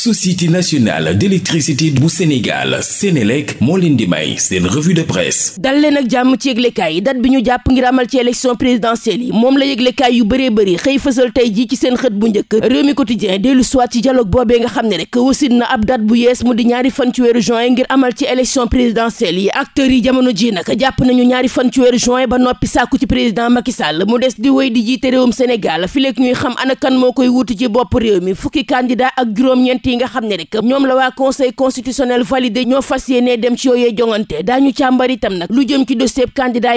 société nationale d'électricité bu Sénégal Sénélec moo leen di may seen revue de presse dal leen ak jàmm ci yëglekaay yi date bi ñu jàpp ngir amal ci élection présidentielle yi moom la yëglekaay yu bëree bëri xëy fësal tey jii ci seen xët bu njëkk réew mi quotidien dellu soit ci dialogue boobee nga xam ne rek wasit na ab date bu yees mu di ñaari fan ci weeru ngir amal ci élection présidentielle yi acteurs yi jamono ji nag jàpp nañu ñaari fan ci weeru juin ba noppi sàkku ci président Macky Sall mu des di wéy yi nga xam ne rek ñoom la waa conseil constitutionnel validé ñoo fas yéenee dem ci yooyee jongante daañu càmbar itam nag lu jëm ci dossier a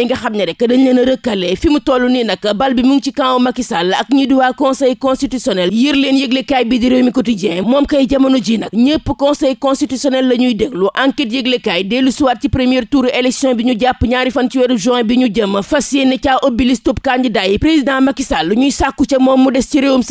rëkkale fi mu toll nii nag bi mu ngi ci camp Macky Sall conseil constitutionnel yër leen yëglekaay bi di réew mi quotidien moom kay jamono ji nag ñëpp conseil constitutionnel la déglu enquête yëglekaay dellu suwaat ci premier tour élection bi ñu jàpp ñaari fan ci weeru juin bi ñu jëm fas yéene caa ubbi liste candidat yi président Macky ñuy sàkku ca moom mu des ci réewum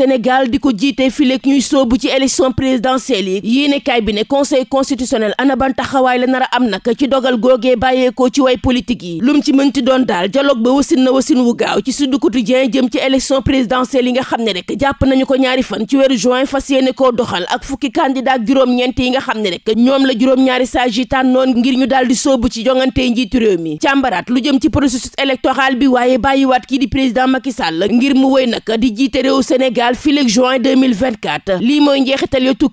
présidentielle yi yéenekaay bi ne conseil constitutionnel ana ban taxawaay la nar a am nag ci dogal googee bàyyeekoo ci way politique yi lu ci mënti doon daal dialogue ba wasin na wasin wu gaaw ci Sud Quotidien jëm ci élection présidentielle yi nga xam ne rek jàpp nañu ko ñaari fan ci weeru juin fas yéene koo doxal ak fukki candidat juróom-ñeent yi nga xam ne rek ñoom la juróom-ñaari sages tànnoon ngir ñu daal di ci jongante njiitu réew mi càmbaraat lu jëm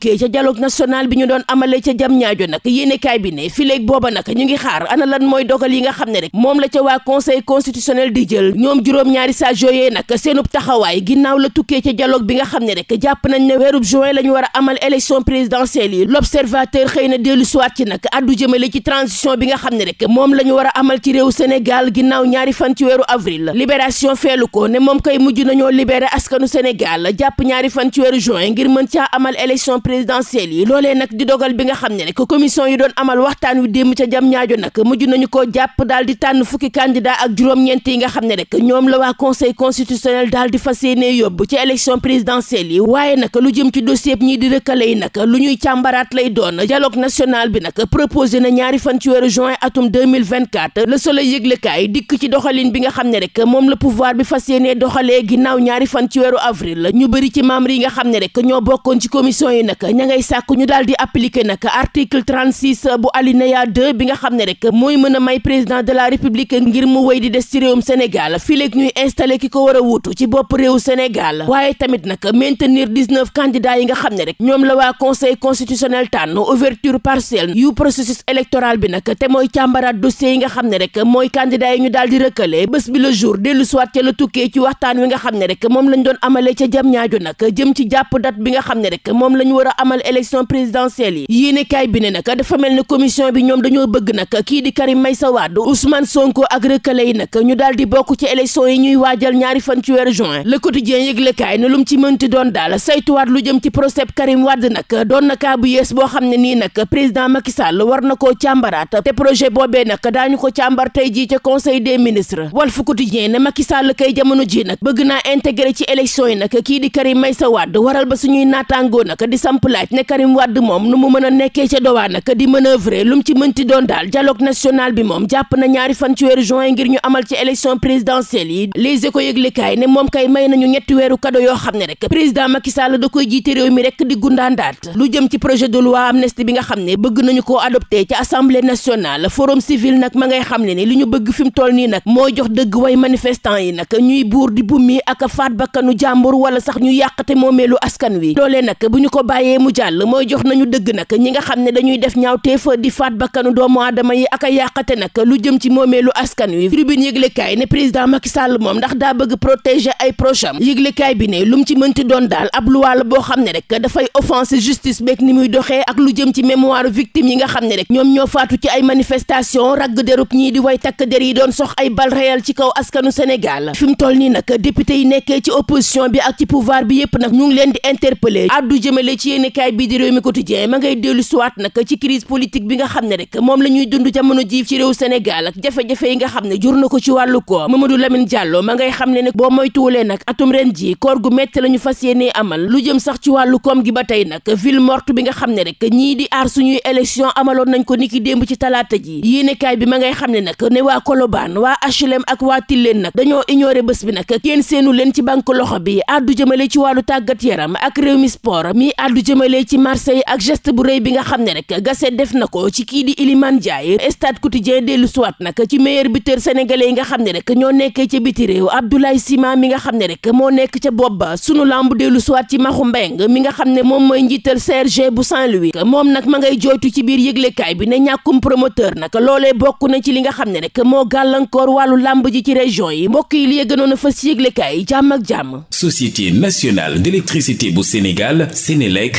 convoqué ca dialogue national bi ñu doon amale ca jam ñaajo nag yéenekaay bi ne fileeg booba nag ñu ngi xaar ana lan mooy dogal yi nga xam ne rek moom la ca waa conseil constitutionnel di jël ñoom juróom-ñaari saa yooyee nag seenub taxawaay ginnaaw la tukkee ca dialogue bi nga xam ne rek jàpp nañ ne weerub juin la ñu war a amal élection présidentielle yi l'observateur xëy na dellu siwaat ci nag addu jëmale ci transition bi nga xam ne rek moom la ñu war amal ci réew Sénégal ginnaaw ñaari fan ci weeru avril libération feelu ko ne moom kay mujj nañoo libéré askanu Sénégal jàpp ñaari fan ci weeru juin ngir mën caa amal élection présidentielle yi loolee nag di dogal bi nga xam ne rek commission yi doon amal waxtaan wi démb ca jam ñaajo nag mujj nañu koo jàpp daal di tànn fukki candidat ak juróom-ñeent yi nga xam ne rek ñoom la waa conseil constitutionnel daal di fas yéene yóbbu ci élection présidentielle yi waaye nag lu jëm ci dossier bi ñii di rëkkale yi nag lu ñuy càmbaraat lay doon dialogue national bi nag proposé na ñaari fan ci weeru juin atum 2024 le soleil yëglekaay dikk ci doxalin bi nga xam ne rek moom la pouvoir bi fas yéene doxalee ginnaaw ñaari fan ci weeru avril ñu bëri ci membre yi nga xam ne rek ñoo bokkoon ci commission yi nag ña ngay sàkk ñu daal di appliquer nag article 36 bu alinéa 2 bi nga xam ne rek mooy mën a may président de la république ngir mu wéy di des ci réewum Sénégal fii léegi ñuy installé ki ko war a ci bopp réewu Sénégal waaye tamit nag maintenir 19 candidats yi nga xam ne rek ñoom la waa conseil constitutionnel tànn ouverture partielle yu processus électoral bi nag te mooy càmbaraat dossier yi nga xam ne rek mooy candidats yi ñu daal di rëkkale bés bi le jour dellu soit ca la tukkee ci waxtaan wi nga xam ne rek moom lañ doon amalee ca jam ñaaju nag jëm ci jàpp date bi nga xam ne rek moom lañ war a amal élection présidentielle yi yéene kaay bi ne nag dafa mel ni commission bi ñoom dañoo bëgg nag kii di Karim Meïssa Wade Ousmane Sonko ak rëkkale yi nag ñu daal di bokk ci élection yi ñuy waajal ñaari fan ci weeru juin le quotidien yëgle kaay lu mu ci mënti doon daal saytuwaat lu jëm ci procès Karim Wade nag doon na bu yees boo xam ne nii nag président Macky Sall war na koo càmbaraat te projet boobee nag daañu ko càmbar tey jii ca conseil des ministres Walf Quotidien ne Macky Sall kay jamono ji nag bëgg naa intégré ci élection yi nag kii di Karim Meïssa Wade waral ba suñuy naataangoo nag di samp laaj ne Karim Wade moom nu mu mën a nekkee ca dowaan nag di manœuvrer lu mu ci mënti doon daal dialogue national bi moom jàpp na ñaari fan ci weeru juin ngir ñu amal ci élection présidentielle yi les éco yëglekaay ne moom kay may nañu ñetti weeru kado yoo xam ne rek président Macky Sall da koy jiite réew mi rek di gundaandaat lu jëm ci projet de loi amnistie bi nga xam ne bëgg nañu koo adopté ci assemblée nationale forum civil nag ma ngay xam ne ni ñu bëgg fi mu toll nii nag mooy jox wala sax ñu yàqate moomeelu askan wi loolee nag bu ñu yooyee mu jàll mooy jox nañu dëgg nag ñi nga xam ne dañuy def ñaawteef di faat bakkanu doomu aadama yi ak a yàqate nag lu jëm ci moomeelu askan wi ne président Macky Sall moom ndax daa bëgg lu mu ci mënti doon daal ab yi nga xam ne rek ñoom ñoo faatu ci ay manifestation di way takk der yi doon sox ay bal réel ci kaw askanu Sénégal fi mu toll nii nag député yi nekkee ci opposition bi ak ci pouvoir bi yépp nag ñu leen di interpeller addu jëmale ci yéenekaay bii di réew mi quotidien ma ngay dellu siwaat nag ci crise bi nga xam ne rek moom la ñuy dund jamono jii ci réew Sénégal ak jafe-jafe nga xam ne jur na ko ci wàllu ko Mamadou Lamine Diallo ma ngay xam ne nag boo moytuwulee nag atum ren ji koor gu metti la ñu fas yéenee amal lu jëm sax ci wàllu koom gi ba tey nag ville morte bi nga xam ne rek ñii di aar suñuy élection amaloon nañ ko niki démb ci talaata ji yéenekaay bi ma ngay xam ne nag ne waa Colobane waa HLM ak waa Tilène nag dañoo ignoré bés bi nag kenn seenu leen ci banque loxo bi addu jëmale ci wàllu tàggat yaram ak réew mi sport mi addu jëmale ci Marseille ak geste bu rëy bi nga xam ne rek Gasset def na ko ci kii di Iliman Ndiaye stade quotidien dellu suwaat nag ci meilleur buteur sénégalais yi nga xam ne rek ñoo nekkee ca biti réew Abdoulaye Sima mi nga xam ne rek moo nekk ca bopp ba sunu làmb dellu suwaat ci Maxu Mbeng mi nga xam ne moom mooy njiital CRG bu Saint-Louis moom nag ma ngay jooytu ci biir yëglekaay bi ne ñàkkum promoteur nag loolee bokk na ci li nga xam ne rek moo gàllankoor wàllu lamb ji ci région yi mbokk yi li gënoon a fas yëglekaay yi jàmm ak jàmm société nationale d'électricité bu Sénégal Sénélec